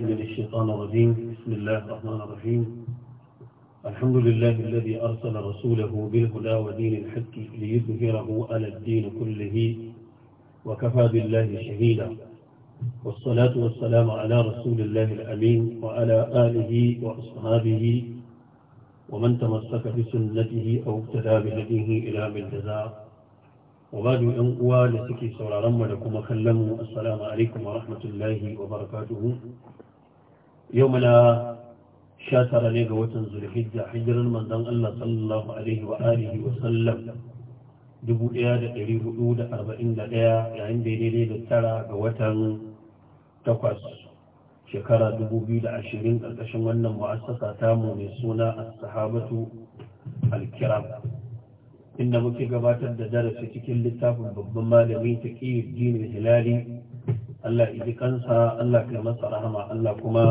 من الشيطان الرجيم بسم الله الرحمن الرحيم الحمد لله الذي أرسل رسوله بالهدى ودين الحق ليظهره على الدين كله وكفى بالله شهيدا والصلاة والسلام على رسول الله الأمين وعلى آله وأصحابه ومن تمسك بسنته أو اقتدى بهديه إلى بالجزاء وبعد أن أوى لسكي سورا رمى لكم وكلموا السلام عليكم ورحمة الله وبركاته yau muna sha tara ne ga watan zulhijja hijiran manzon Allah sallallahu alaihi wa alihi wa sallam 1441 yayin daidai da tara ga watan takwas shekara 2020 ƙarƙashin wannan ta mu mai suna a sahabatu al inda muke gabatar da darasi cikin littafin babban malami taqiyuddin hilali Allah iji kansa Allah kai masa rahama Allah kuma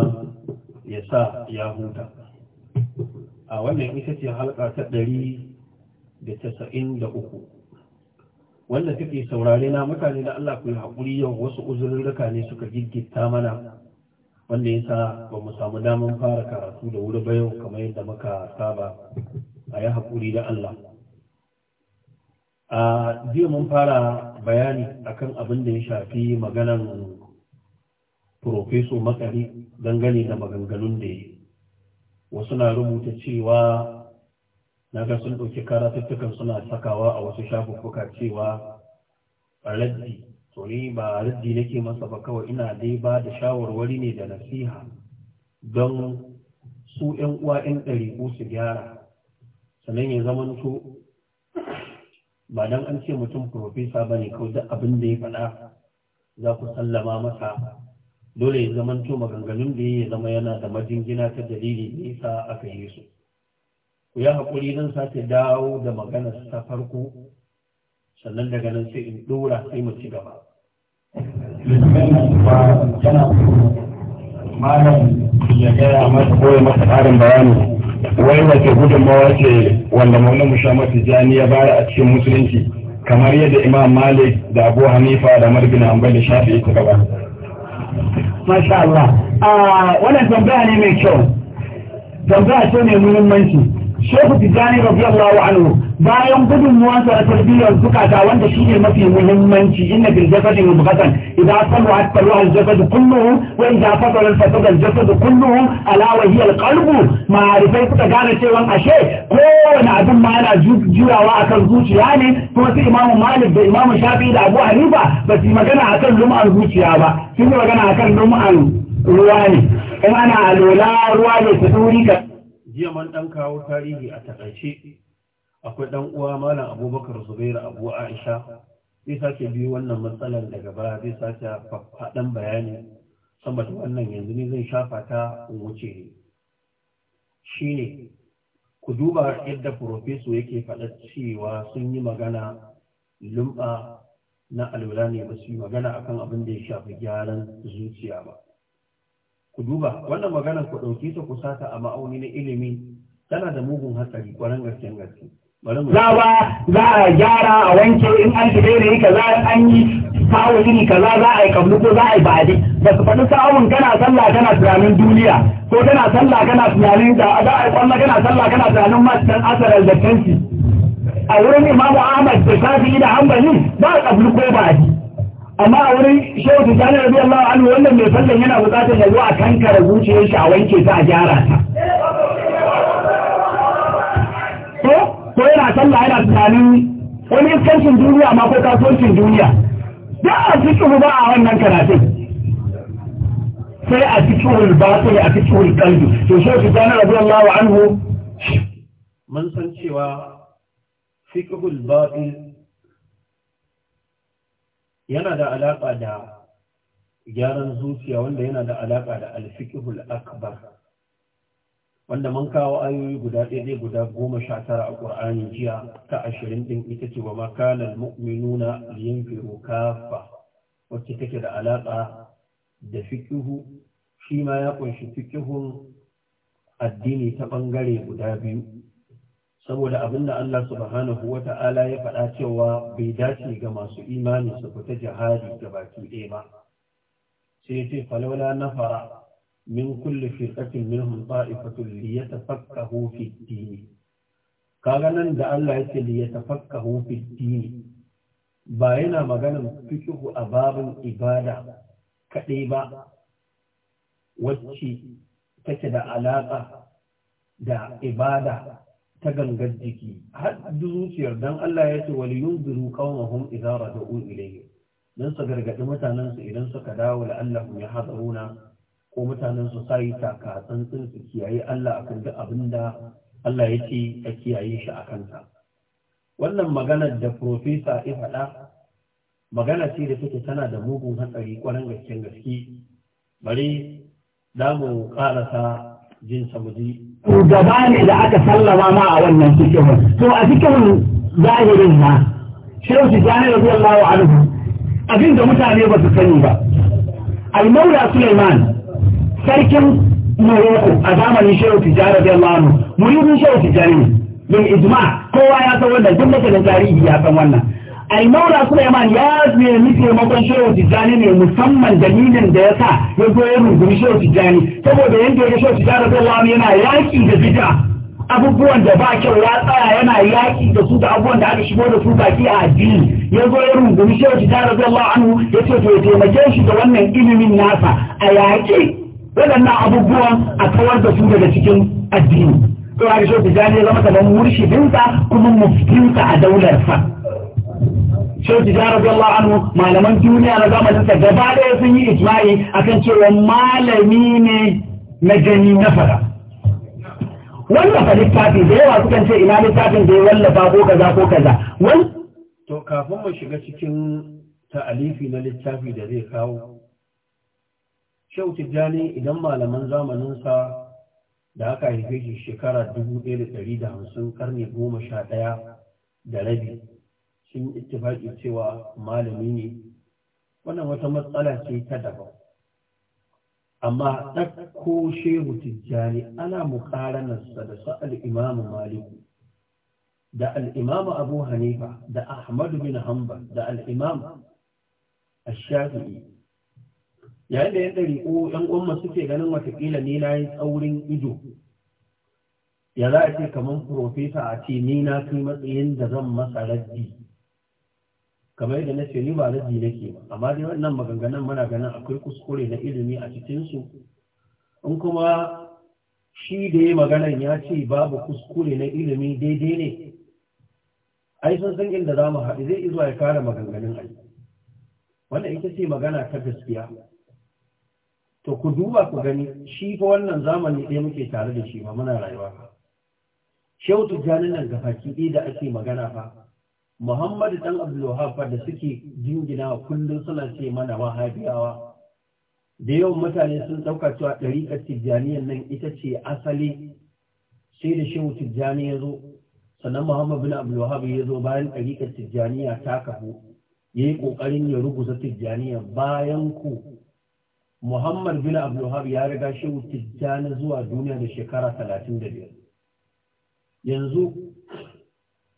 ya sa ya huta a wannan ita ce halka ta ɗari da casa'in da uku wanda take saurare na mutane da Allah ku yi haƙuri yau wasu raka ne suka giggita mana wanda ya sa ba mu samu damar fara karatu da wuri ba yau kamar yadda muka saba a yi haƙuri da Allah a jiya mun fara bayani akan abin da ya shafi maganan profeso makari dangane da maganganun da ya wasu na rubuta cewa na ga sun ɗauki karatattukan suna sakawa a wasu shafuffuka cewa raddi to ni ba raddi nake masa ba kawai ina dai ba da shawarwari ne da nasiha don su ‘yan uwa ‘yan ɗariƙu su gyara sannan ya zama ba don an ce mutum profesa ba ne kawai duk abin da ya faɗa za ku sallama masa dole ya zamanto maganganun da ya zama yana da majingina ta dalili da yasa aka yi su ku ya haƙuri nan sake dawo da maganar ta farko sannan daga nan sai in ɗora sai mu ci gaba malam ya gaya masa koyi masa ƙarin bayani wai wace gudunmawa ce wanda maulana musamman tijani ya bayar a cikin musulunci kamar yadda imam malik da abu hanifa da marbin hanbal da shafi suka ba masha Allah ah, wannan tambaya ne mai kyau tambaya ce mai muhimmanci shehu tijjani radiyallahu anhu bayan gudunmuwan sa tarbiyyar zukata wanda shi ne mafi muhimmanci inna bil jasadi mubghatan idza salwa salwa al jasad kulluhu wa idza fasala fasada al jasad kulluhu ala wa hiya al qalb ma'arifai suka gane cewa ashe kowane abin ma yana jurawa akan zuciya ne kuma sai imamu malik da imamu shafi da abu hanifa ba su magana akan lum'an zuciya ba sun yi magana akan lum'an ruwa ne kuma ana alola ruwa ne su duri ka jiya man ɗan kawo tarihi a takaice akwai ɗan uwa malam abubakar zubairu abu aisha zai sake biyu wannan matsalar daga baya zai sake faɗan bayani saboda wannan yanzu ne zai shafa ta wuce shi ne ku duba yadda profeso yake faɗa cewa sun yi magana lumɓa na alwala ne ba su yi magana akan abin da ya shafi gyaran zuciya ba ku duba wannan maganar ku ɗauki ta ku sata a ma'auni na ilimi tana da mugun hatsari ƙwarar gaske gaske za ba za a gyara a wanke in an tafi da yi kaza an yi kawo iri kaza za a yi kablu ko za a yi baɗi ba su faɗi sa'awun kana sallah kana tunanin duniya ko kana sallah kana tunanin da a za a yi kwallo kana sallah kana tunanin masu dan asarar da kanki a wurin imamu ahmad da shafi da hanbali ba a kablu ko baɗi amma a wurin shehu sani rabi Allah anhu wannan mai sallan yana buƙatar ya zo a kankara zuciyar shi a wanke ta a gyara ta ko yana sallah yana tunani wani iskancin duniya ma ko kasuwancin duniya da a cikin ba a wannan karatun sai a cikin batsai a cikin kalbi to shi su tana rabu Allah wa anhu mun san cewa fiqhul batil yana da alaƙa da gyaran zuciya wanda yana da alaka da al akbar wanda mun kawo ayoyi guda ɗaya guda goma sha tara a ƙur'ani jiya ta ashirin ɗin ita ce wa makalar mu'minuna liyan firo kafa wacce take da alaƙa da fikihu shi ma ya ƙunshi fikihun addini ta ɓangare guda biyu saboda abin da Allah subhanahu wa ta'ala ya faɗa cewa bai dace ga masu imani su fita jihadi ga baki ɗaya ba sai ya ce na fara min kulli firqatin minhum ta'ifatun liyatafakkahu fi ad-din kaga nan da Allah yake liyatafakkahu fi ad-din ba yana maganan fiqhu a babin ibada kaɗai ba wacce take da alaƙa da ibada ta gangar jiki har zuciyar dan Allah ya ce wal yunziru qaumahum idza rada'u ilayhi dan su gargadi mutanen su idan suka dawo la Allah ya hadaruna ko mutanen su sai taka tsantsin su kiyaye Allah akan duk abin da Allah ya ce a kiyaye shi a kanta. wannan maganar da profesa ya faɗa magana ce da take tana da mugun hatsari kwarin gasken gaske bari za mu ƙarasa jin samuji gaba ne da aka sallama ma a wannan cikin to a cikin zahirin na shehu tijjani radiyallahu anhu abinda mutane ba su sani ba al Suleiman. Sulaiman sarkin Morocco a zamanin Shehu Tijjani da anhu muridin Shehu Tijjara ne bin ijma kowa ya san wannan duk masanin tarihi ya san wannan al-maula Sulaiman ya nemi taimakon Shehu Tijjani ne musamman dalilin da ya sa ya zo ya rungumi Shehu Tijjani saboda yanda ya ga Shehu Tijjara da anhu yana yaƙi da bid'a abubuwan da ba kyau ya tsaya yana yaƙi da su da abubuwan da aka shigo da su baki a addini ya zo ya rungumi Shehu Tijjani radiyallahu anhu ya ce to ya taimake shi da wannan ilimin nasa a yaƙi. waɗannan abubuwan a kawar da su daga cikin addini to a shi tijani ya zama kamar murshidinsa kuma muftinsa a daularsa Shehu Tijjani radiyallahu anhu malaman duniya na zamanin sa gaba ɗaya sun yi ijma'i kan cewa malami ne na gani na fara. Wanda fa littafi da yawa sukan ce ina littafin da ya wallafa ko kaza ko kaza. To kafin mu shiga cikin ta'alifi na littafi da zai kawo Shehu Tijjani idan malaman zamaninsa da aka haife shi shekara 1150 karni goma sha ɗaya da rabi sun ittifaki cewa malami ne wannan wata matsala ce ta daban amma ɗakko shehu tijjani ana mukaranarsa da su al'imamu maliku da al'imamu abu hanifa da ahmadu bin hanbal da al'imam ashafi'i yayin da yan ɗariƙo yan umma suke ganin watakila ne na yi tsaurin ido ya za a ce kamar profesa a ce ni na kai matsayin da zan masa raddi kamar yadda na ce ni ba raddi nake ba amma dai wannan maganganun muna ganin akwai kuskure na ilimi a cikinsu in kuma shi da ya maganan ya ce babu kuskure na ilimi daidai ne ai sun san inda za mu haɗu zai izuwa ya kara maganganun ai wannan ita ce magana ta gaskiya to ku duba ku gani shi fa wannan zamani ɗaya muke tare da shi ba muna rayuwa ba. shehu tijjani nan ga faki ɗaya da ake magana fa muhammadu dan abdulwahab fa da suke jingina kullum suna ce mana wahabiyawa da yawan mutane sun ɗauka cewa ɗariƙar tijjaniyar nan ita ce asali sai da shehu tijjani ya zo sannan muhammad bin abdulwahab ya zo bayan ɗariƙar tijjaniya ta kafu ya yi ƙoƙarin ya rubuta tijjaniya bayan ku muhammad bin abdulhab ya riga shehu tijjani zuwa duniya da shekara talatin da biyar yanzu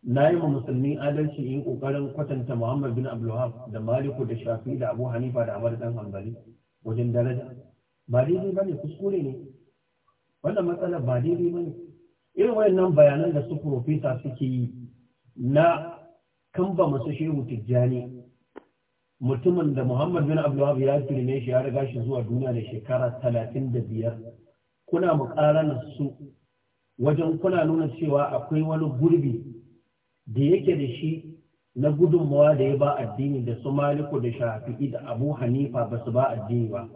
na yi ma musulmi adalci yin kokarin kwatanta muhammad bin abdulhab da maliku da shafi da abu hanifa da amar dan hanbali wajen daraja ba daidai ba ne kuskure ne wannan matsala ba daidai ba ne irin wayannan bayanan da su profesa suke yi na kamba masu shehu tijjani mutumin da Muhammad bin Abdulwahab ya firme shi ya riga shi zuwa duniya da shekara talatin da biyar kuna muƙaranar su wajen kuna nuna cewa akwai wani gurbi da yake da shi na gudunmawa da ya ba addini da su maliku da shafi'i da abu hanifa ba su ba addini ba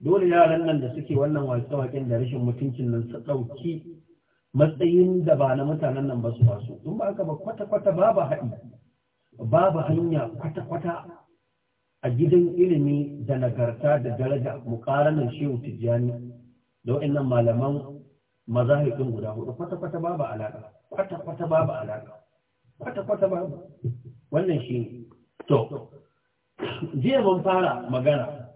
dole yaran nan da suke wannan waƙe-waƙen da rashin mutuncin nan su ɗauki matsayin da ba na mutanen nan ba su ba su in ba ba kwata-kwata babu haɗi babu hanya kwata-kwata a gidan ilimi da nagarta da daraja muƙaranar shehu tijjani da wa'annan malaman mazahibin guda hudu kwata-kwata babu alaƙa kwata-kwata babu alaƙa kwata-kwata babu wannan shi to jiya mun fara magana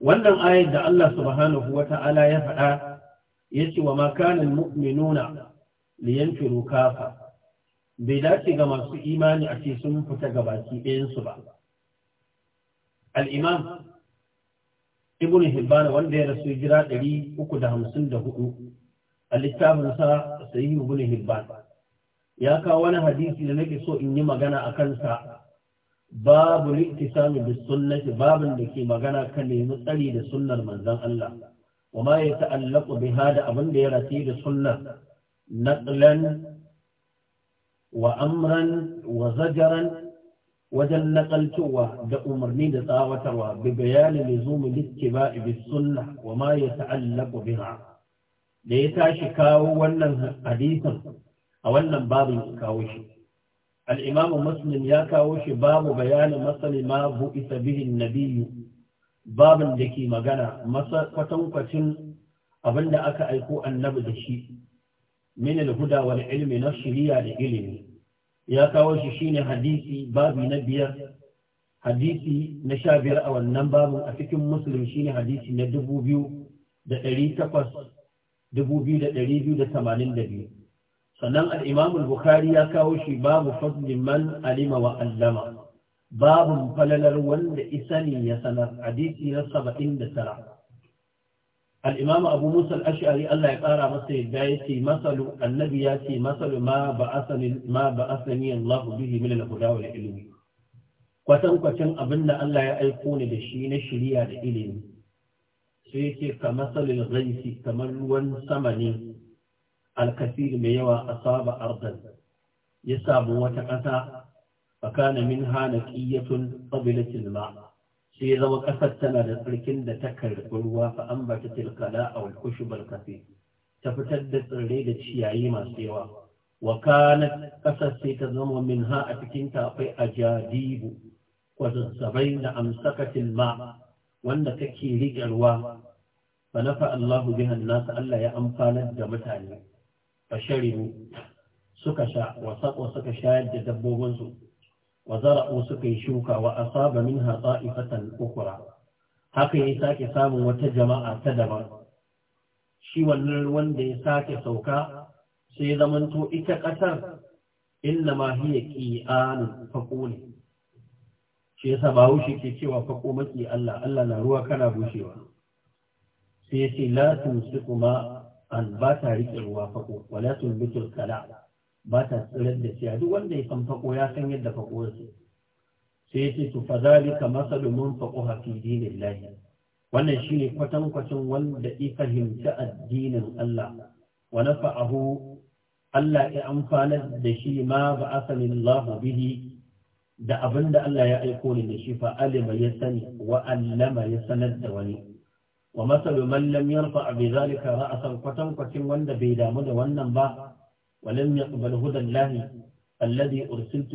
wannan ayar da Allah subhanahu wa ta'ala ya faɗa ya ce wa makanin mu'minuna liyanfiru kafa bai dace ga masu imani a ce sun fita gabaki ɗayansu ba al'imam ibn hibban wanda ya rasu jira 354 a littafinsa sayi ibn hibban ya kawo wani hadisi da nake so in yi magana a kansa babu littisami da sunnati babin da ke magana kan nemi tsari da sunnar manzon Allah wa ma ya ta'allaqu biha da abin da ya rasu da sunnar naqlan wa amran wa zajaran wajen nakalcewa da umarni da tsawatarwa bi bayani lizumi littiba'i bis sunna wa ma yata'allaqu biha da ya tashi kawo wannan hadisin a wannan babin kawo shi al-imamu muslim ya kawo shi babu bayani masali ma bu isa bihi nabiyu babin da ke magana kwatankwacin abin da aka aiko annabi da shi min al-huda wal ilmi na shiriya da ilimi ya kawo shi shine hadisi babi na biyar hadisi na sha biyar a wannan babin a cikin musulun shine hadisi na dubu biyu da ɗari takwas dubu biyu da ɗari biyu da tamanin da biyu sannan al'imamu Bukhari ya kawo shi babu fadlin man alima wa allama babin falalar wanda isani ya sanar hadisi na saba'in da tara الإمام أبو موسى الأشعري الله ya مثل الداية مثل النبي ياتي مثل ما بأثني, ما بأثني الله به من الهدى والعلم kwatan kwatan abin da Allah ya aiko ni da shi na shirya da ilimi sai yake ka masalil ghaisi kamar ruwan sama ne alkasir mai yawa a saba ardan ya samu wata ƙasa fakana min hana qiyatun qabilatil ma' sai zama ƙasar tana da tsarkin da ta karɓi ruwa fa an ba ta tilkala a walkushi balkafi ta fitar da tsirrai da ciyayi masu yawa wa kana ƙasar sai ta zama min ha a cikin ta akwai ajadibu kwazazzabai da amsakatil ma wanda take riƙe ruwa fa nafa Allahu bihan nasa Allah ya amfanar da mutane fa sharibu suka sha wasa suka shayar da dabbobinsu wa zara'u suka yi shuka wa asaba minha ta'ifatan ukhra haka ya sake samun wata jama'a ta daban shi wannan ruwan da ya sake sauka sai zamanto ita ƙasar inna ma hiya qi'an faqul shi yasa bawo shi ke cewa faqo maki Allah Allah na ruwa kana bushewa sai yace la tumsiku ma an ta rike ruwa faqo wala tumbitul kala ba ta tsirar da siya duk wanda ya san fako ya san yadda fako ya ce sai ya ce to fa zalika masalu mun faqo fi dinillahi wannan shine kwatan kwatan wanda ya fahimta addinin Allah wa nafa'ahu Allah ya amfana da shi ma ba'atha Allah bihi da abin da Allah ya aiko ni da shi fa'alima ya sani wa allama ya sanar da wani wa masalu man lam yarfa bi zalika ra'asan kwatan kwatin wanda bai damu da wannan ba ولم يقبل هدى الله الذي أرسلت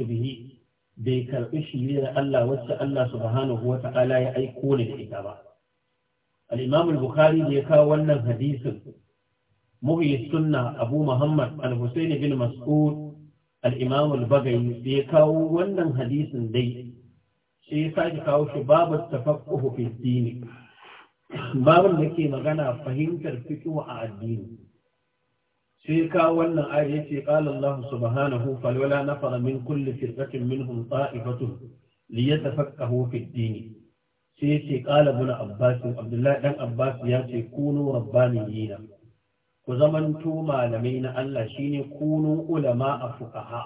bai karɓi shirya da Allah wacce Allah subhanahu wa ta'ala ya aiko ni da ita ba. alimam al-Bukhari da ya kawo wannan hadisin muhyi sunna Abu Muhammad al-Husayn bin Mas'ud al-Imam al-Bagai da ya kawo wannan hadisin dai sai ya sake kawo shi babu tafakkuhu fi dini da ke magana fahimtar fikihu a addini. sai ka wannan aya yace ƙala Allah subhanahu falwala nafara min kulli minhun minhum ta'ifatun liyatafaqahu fi ad dini. sai yace ƙala ibn Abbas Abdullahi ɗan Abbas yace kunu rabbaniyina ku zamanto malamai na Allah shine kunu ulama a fuqaha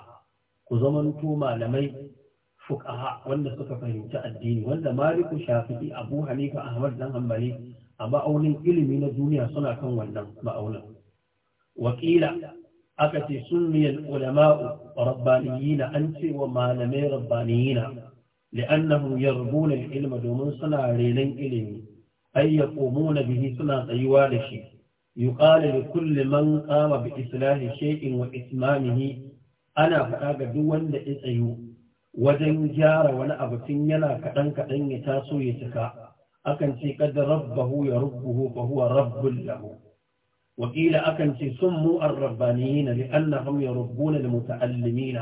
ku zamanto malamai fuqaha wanda suka fahimci addini wanda Maliku Shafi'i Abu Hanifa Ahmad dan Hanbali a ma'aunin ilimi na duniya suna kan wannan ma'aunin wakila aka ce sunniyar ulama'u rabbaniyina an ce wa malamai rabbaniyina لأنهم يربون العلم دومن سنا ريلين إلمي أي يقومون به سنا طيوال شيء يقال لكل من قام بإصلاح شيء وإتمامه أنا فأغا دوان لإسعيو وجن جار وانا أبتن ينا كأن كأن يتاسو يتكا أكن قد ربه يربه فهو رب له akan ce sun mu'ar وقيل أكن سموا الربانيين لأنهم يربون المتعلمين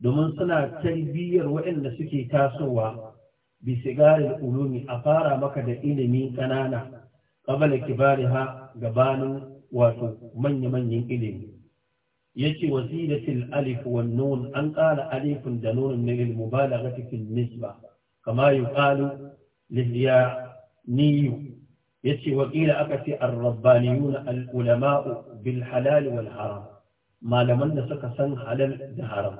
domin suna tarbiyyar waɗanda suke tasowa bisigarin ulumi a fara maka da ilimi ƙanana ƙabala kibariha gabanin wato manya-manyan ilimi yace wasilatil alif wan an ƙara alifin da nunun na ilmu ba da nisba kama yi ƙalu lihiya niyu yace wakila aka ce ar-rabbaniyun al-ulama bil halal wal haram malaman da suka san halal da haram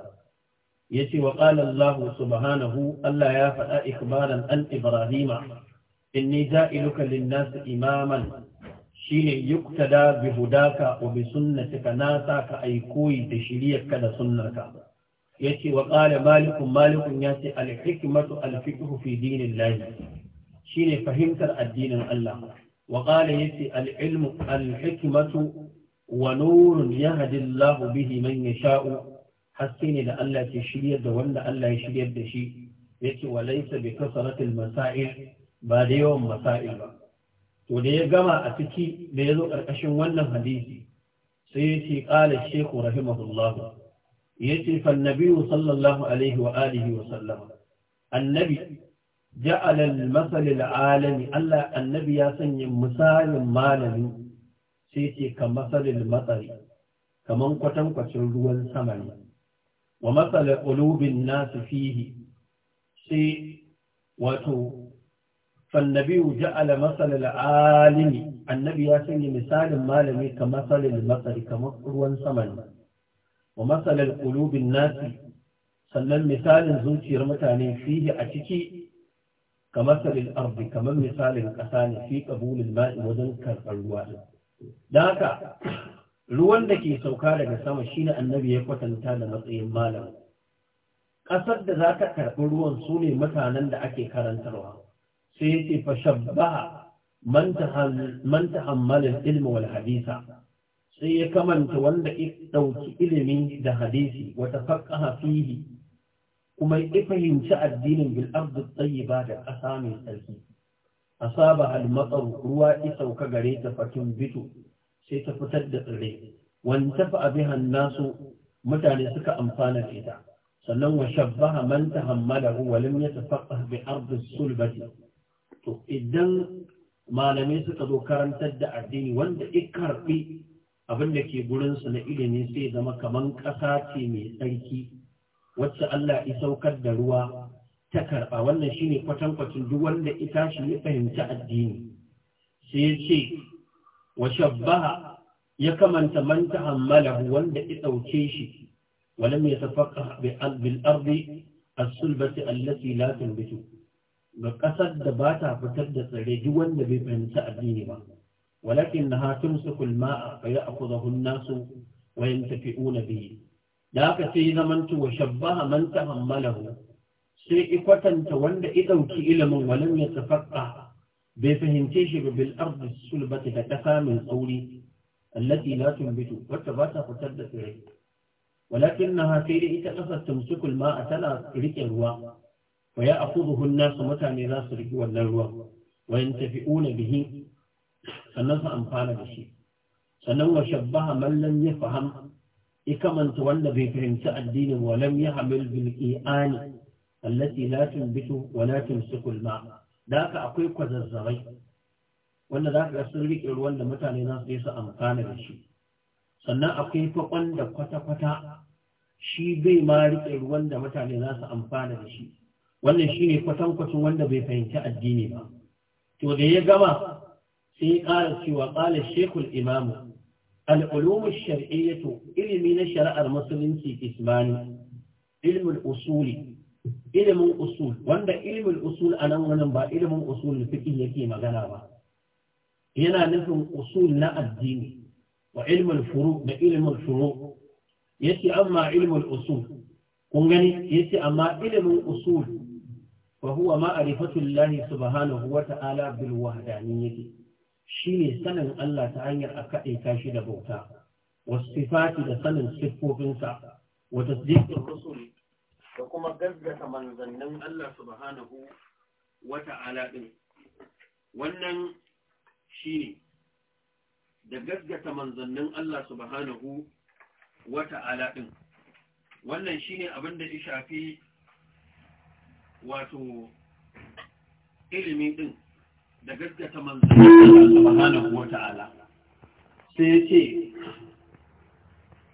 yace wa qala Allah subhanahu Allah ya faɗa ikbaran al ibrahima inni ja'iluka lin imaman shine yuktada bi hudaka wa bi sunnatika na sa ka aiko koyi da shiriyarka da sunnarka yace wa qala malikun ya ce, al-hikmatu al-fiqhu fi dinillahi shine fahimtar addinin Allah wa qala yati al-ilmu al wa nurun yahdi Allah bihi man sha'u. haske ne da Allah ke shiryar da wanda Allah ya shiryar da shi yace wa laysa bi kasratil masail ba da yawan masail ba to da ya gama a ciki da ya zo ƙarƙashin wannan hadisi sai ya ce ƙala shekhu rahimahullah ya ce fannabiyu sallallahu alaihi wa alihi wa sallama annabi Ja'alal masalil alami Allah annabi ya sanya misalin malami sai ce ka masalil matsari kaman kwatankwacin ruwan sama ne wa matsala ƙulubin nasu fihi sai wato fannabiyu ja'ala masalil alimi annabi ya sanya misalin malami ka masalil matsari kamar ruwan sama ne wa matsalar ƙulubin nasu sannan misalin zuciyar mutane fihi a ciki kamar salil kamar misalin ƙasa ne fi ƙabulin ma'i wajen karɓar ruwa ɗin da haka ruwan da ke sauka daga sama shine annabi ya kwatanta da matsayin malam ƙasar da za ta karɓi ruwan su ne mutanen da ake karantarwa sai ce fa shabbaha man hammalin ilmi wal hadisa sai ya kamanta wanda ya ɗauki ilimi da hadisi wata faqqaha fihi kuma ya fahimci addinin bil ardu tayyiba da ƙasa mai tsarki asaba al matsar ruwa ya sauka gare ta fatin bitu sai ta fitar da tsire wan tafa biha nasu mutane suka amfana da ita sannan wa shabbaha man tahammalahu wa lam yatafaqqah bi ardi sulbati to idan malamai suka zo karantar da addini wanda ik karɓi abin da ke gurinsu na ilimi sai zama kaman ƙasa ce mai tsarki wacce Allah ya saukar da ruwa ta karɓa wannan shine kwatankwacin duk wanda ita shi ya fahimci addini sai ya ce wa shabbaha ya kamanta man tahammalahu wanda ya dauke shi walam yatafaqqa bi bil ardi as-sulbati allati la tunbitu ga kasar da ba ta fitar da tsare duk wanda bai fahimci addini ba walakin nahatun sukul ma'a fa ya'khudhuhu an-nasu wa yantafi'una bihi da haka sai zamantu wa shabbaha man tahammalahu sai ikwatanta wanda i ɗauki ilimin walam ya tafaqqa bai fahimce shi ba bil ardi sulbati da kasa min tsauri allati la tunbitu wacce ba ta fitar da tsirrai na sai dai ita kasar tumsukul a tana rike ruwa fa ya akhudhuhu an mutane za su riƙi wannan ruwan wa yantafi'una bihi sannan su amfana da shi sannan wa shabbaha man lam yafham ikamanta wanda bai fahimci addinin walam ya hamil bil i'ani allati la tunbitu wa la tumsiku ma da haka akwai kwazazzabai wanda za ka ga sun rike ruwan da mutane za su yi su amfana da shi sannan akwai fakon da kwata-kwata shi bai ma rike ruwan da mutane za su amfana da shi wannan shine kwatankwacin wanda bai fahimci addini ba to da ya gama sai ya ƙara cewa ƙalar shekul imamu العلوم الشرعية علم شرع المسلم في إسمان علم الأصول علم الأصول وأن علم الأصول أنا ونبا علم الأصول الفقه يكي مغنى ينا نفهم أصول نا الدين وعلم الفروع بعلم الفروع يتي أما علم الأصول كنغني يتي أما علم الأصول وهو معرفة الله سبحانه وتعالى بالوحدانية Shi ne sanin Allah ta hanyar a kaɗaita shi da bauta wasu wasifati da sanin siffofinsa wa tasdiqur rusul da kuma gaggata manzannin Allah subhanahu wa ta'ala ɗin. wannan shi ne da gaggata manzannin Allah subhanahu wa ta'ala ɗin. wannan shi ne abin da shafi wato ilimi ɗin. da gaskata manzon Allah subhanahu wata'ala sai yace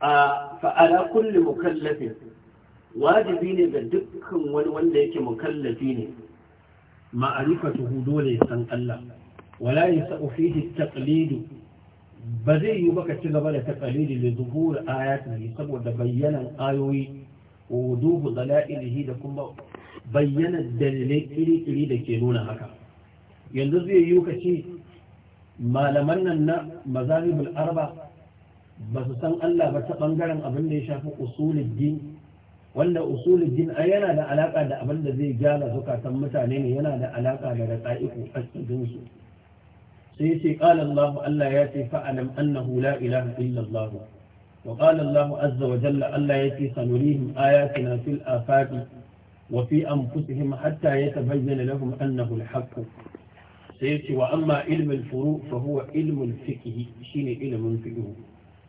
a fa kulli mukallafin wajibi ne ga dukkan wani wanda yake mukallafi ne ma'arifatuhu dole ya san Allah wala yasau fihi taqlidu ba zai yi baka ci gaba da taqlidi li zuhur ayatihi saboda bayyanan ayoyi wa dalailihi da kuma bayyanan dalilai iri-iri da ke nuna haka yanzu zai yi ka ce malaman nan na mazahibul arba ba su san Allah ba ta bangaren abin da ya shafi usulul din wanda usulul din ai yana da alaka da abin da zai gyara zukatan mutane ne yana da alaka da raqaiqu asidin su sai sai qala Allah Allah ya ce fa alam annahu la ilaha illa Allah wa qala Allah azza wa jalla Allah ya ce sanurihim ayatina fil afaqi وفي أنفسهم حتى يتبين لهم أنه الحق sai yace wa amma ilmin furu fa huwa ilmul fiqh shine ilmin fiqh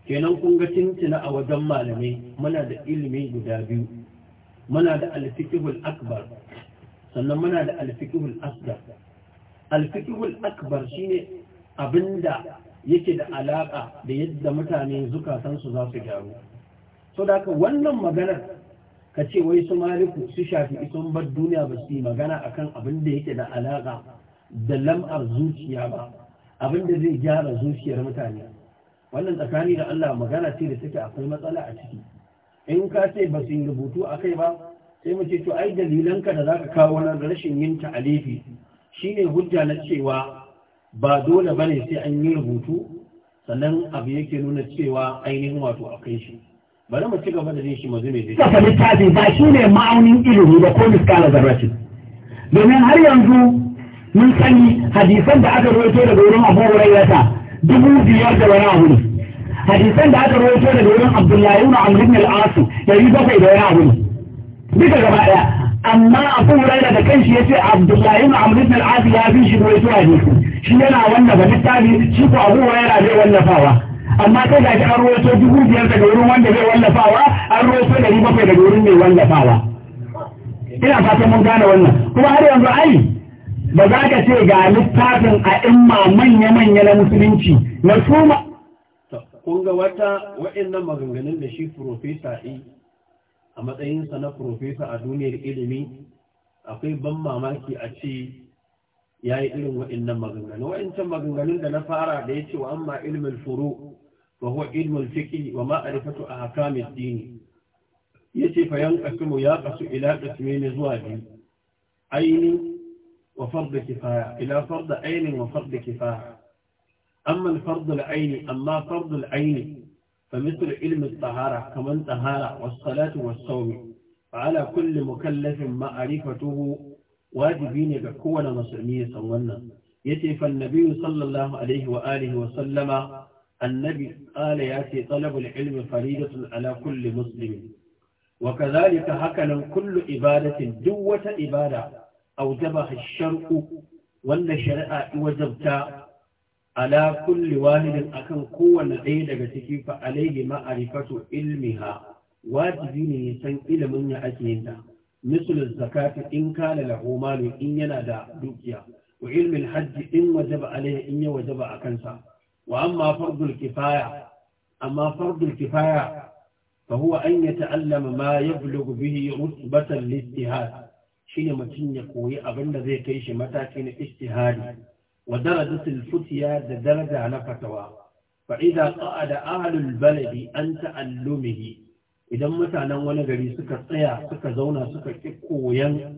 kenan kun ga tintina a wajen malamai muna da ilimi guda biyu muna da alfiqhul akbar sannan muna da alfiqhul asghar alfiqhul akbar shine abinda yake da alaka da yadda mutane zukatan su za su gyaru so da wannan maganar ka ce wai su maliku su shafi sun bar duniya ba su yi magana akan abin da yake da alaka da lam'ar zuciya ba abin da zai gyara zuciyar mutane wannan tsakani da Allah magana ce da take akwai matsala a ciki in ka ce ba su yi rubutu a kai ba sai mu ce to ai dalilanka da ka kawo nan rashin yin ta'alifi shine hujja na cewa ba dole bane sai an yi rubutu sannan abu yake nuna cewa ainihin wato akwai shi bari mu ci gaba da shi mazu mai zai fa littafi ba shine ma'aunin ilimi ba ko miskala zarratin domin har yanzu mun sani hadisan da aka rawaito daga wurin Abu Hurairah dubu biyar da wani abu ne hadisan da aka rawaito daga wurin Abdullahi ibn Amr ibn al-As dari bakwai da wani abu ne duka gaba daya amma Abu Hurairah da kanshi yace Abdullahi ibn Amr ibn al-As ya bi shi rawaito hadisi shi yana wannan ba littafi shi ko Abu Hurairah bai wallafawa amma kai gashi an rawaito dubu biyar daga wurin wanda bai wallafawa an rawaito dari bakwai daga wurin mai wallafawa ina fatan mun gane wannan kuma har yanzu ai ba za ka ce ga littafin a imma manya-manya na musulunci na suma kun ga wata waɗannan maganganun da shi profesa ɗi e, a matsayinsa na profesa a duniyar ilimi akwai ban mamaki a ce ya yi irin waɗannan maganganu waɗancan maganganun da na fara da ya ce wa amma ilmin furu wa huwa ilmin fiqi wa a ahkamid dini yace fa ya kasu ila mai zuwa biyu aini وفرض كفاية إلى فرض عين وفرض كفاية أما الفرض العين أما فرض العين فمثل علم الطهارة كمن طهارة والصلاة والصوم فعلى كل مكلف معرفته واجبين بكون مسلمية صلى يتي فالنبي صلى الله عليه وآله وسلم النبي قال ياتي طلب العلم فريدة على كل مسلم وكذلك هكذا كل إبادة دوة إبادة أوجبها الشرع وأن شرع وجبتا على كل واحد أكن قوة نعيدة تكيف عليه معرفة علمها واجبين يسن إلى من يأتينا مثل الزكاة إن كان له مال إن ينادى دوكيا وعلم الحج إن وجب عليه إن وجب أكنسا وأما فرض الكفاية أما فرض الكفاية فهو أن يتعلم ما يبلغ به رتبة الاجتهاد ne mutum ya koyi abin da zai kai shi mataki na istihari. wa darajatul futiya da daraja na fatawa fa idza qa'ada ahlul baladi an ta'allumihi idan mutanen wani gari suka tsaya suka zauna suka ki koyan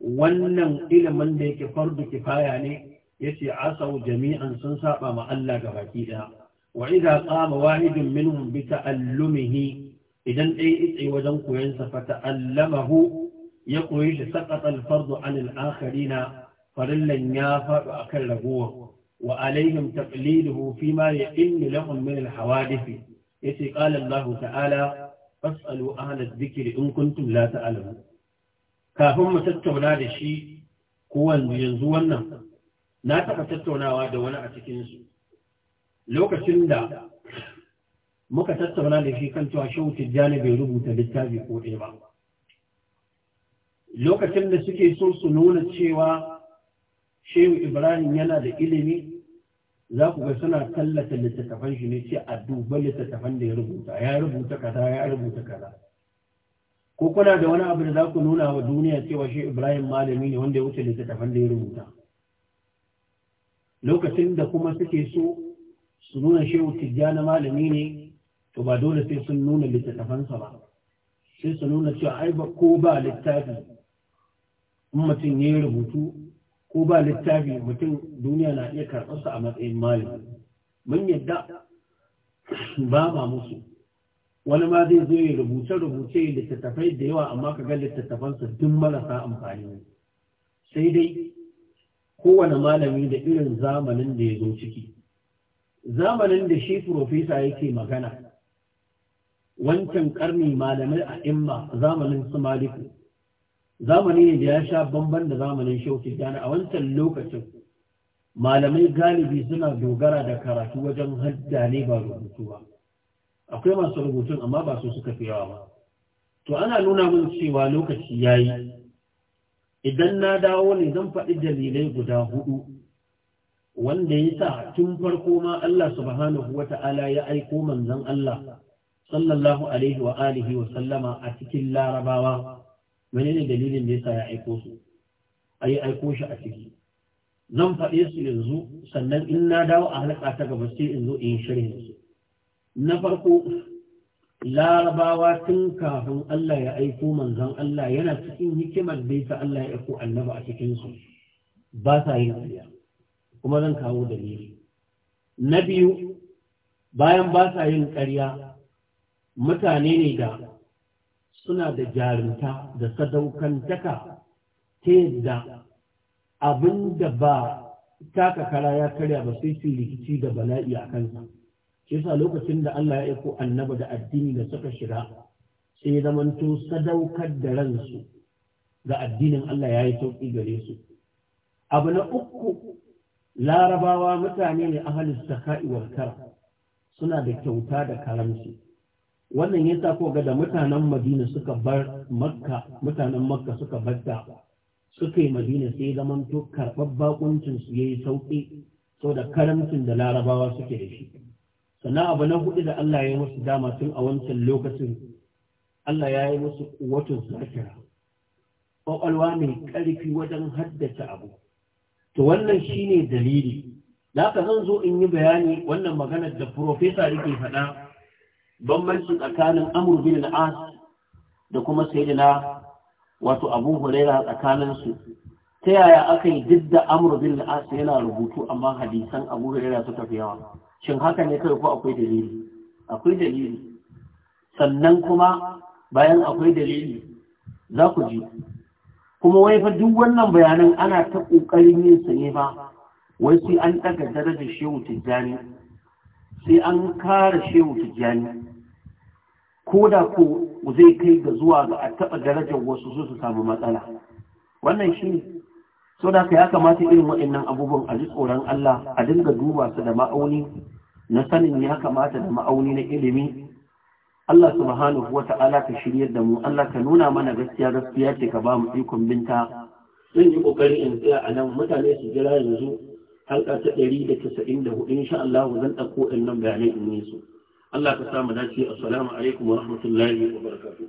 wannan ilimin da yake fardu kifaya ne yace asau jami'an sun saba ma Allah gabaki daya wa idza qama wahidun minhum bi ta'allumihi idan dai tsaye wajen koyon sa fa ta'allamahu ya koyi shi saƙaƙal fardu anil akharina farillan ya faɗo a kan raguwa wa alaihim taqliduhu fi ma ya inni lahum min al hawadith yace qala Allah ta'ala fas'alu ahla adh-dhikri in kuntum la ta'lamun kafin mu tattauna da shi ko yanzu wannan na taɓa tattaunawa da wani a cikin su lokacin da muka tattauna da shi kan cewa shehu tijjani bai rubuta littafi ko ɗaya ba lokacin da suke so su nuna cewa shehu ibrahim yana da ilimi za ku ga suna tallata littattafan shi ne ce a duba littattafan da ya rubuta ya rubuta kaza ya rubuta kaza ko kuna da wani abu da za ku nuna wa duniya cewa shi ibrahim malami ne wanda ya wuce littattafan da ya rubuta lokacin da kuma suke so su nuna shehu tijjani malami ne to ba dole sai sun nuna littattafansa ba sai su nuna cewa ai ko ba littafi in mutum ya yi rubutu ko ba littafi mutum duniya na iya karɓarsa a matsayin malami mun yadda ba ma musu wani ma zai zo ya rubuce-rubuce littattafai da yawa amma ka ga littattafansa duk marasa amfani sai dai kowane malami da irin zamanin da ya zo ciki zamanin da shi profesa yake magana wancan karni malamai a imma zamanin su maliku zamani ne da ya sha bamban da zamanin shauki tijjani a wancan lokacin malamai galibi suna dogara da karatu wajen hadda ne ba rubutu ba akwai masu rubutun amma ba su suka fi yawa ba to ana nuna min cewa lokaci ya yi idan na dawo ne zan faɗi dalilai guda hudu wanda ya sa tun farko ma Allah subhanahu wa ta'ala ya aiko manzon Allah sallallahu alaihi wa alihi wa sallama a cikin larabawa menene dalilin da yasa ya aiko su yi aiko shi a ciki zan faɗe su yanzu sannan in na dawo a halka ta gaba sai in zo in shirin su na farko larabawa tun kafin Allah ya aiko manzon Allah yana cikin hikimar da yasa Allah ya aiko annabi a cikin su ba sa yin ƙarya kuma zan kawo dalili na biyu bayan ba sa yin ƙarya mutane ne da suna da jarinta da sadaukantaka ta yadda abin da ba taka kara ya karya ba sai su rikici da bala'i a kansa shi yasa lokacin da Allah ya aiko annaba da addini da suka shiga sai zamanto sadaukar da ransu ga addinin Allah ya yi sauƙi gare su abu na uku larabawa mutane ne ahalin saka'i wal kara suna da kyauta da karamci wannan yasa ko ga da mutanen madina suka bar makka mutanen makka suka batta suka yi madina sai zaman to karɓar bakuncin su yayi sauki saboda karamcin da larabawa suke da shi sannan abu na hudu da Allah ya musu dama tun a wancan lokacin Allah ya yi musu kuwatun zakira ƙwaƙwalwa mai ƙarfi wajen haddace abu to wannan shine dalili da haka zan zo in yi bayani wannan maganar da profesa yake faɗa bambanci tsakanin amur bin al'as da kuma na wato abu huraira tsakanin su ta yaya aka yi duk da amur bin al'as yana rubutu amma hadisan abu hulera su tafi yawa shin haka ne kai ko akwai dalili akwai dalili sannan kuma bayan akwai dalili za ku ji kuma wai fa duk wannan bayanan ana ta kokarin yin su ne ba, wai sai an ɗaga darajar shehu tijjani sai an kare shehu tijjani ko da ko zai kai ga zuwa ga a taɓa darajar wasu su su samu matsala wannan shi so da ka ya kamata irin waɗannan abubuwan a ji tsoron Allah a dinga duba su da ma'auni na sanin ya kamata da ma'auni na ilimi Allah subhanahu wata'ala ka shiryar da mu Allah ka nuna mana gaskiya gaskiya ce ka ba mu ikon binta zan yi kokari in tsaya a nan mutane su jira yanzu halka ta 194 insha Allah zan ɗauko ɗin nan bayanai in yi su Allah ka samu dace assalamu alaikum wa rahmatullahi wa barakatuh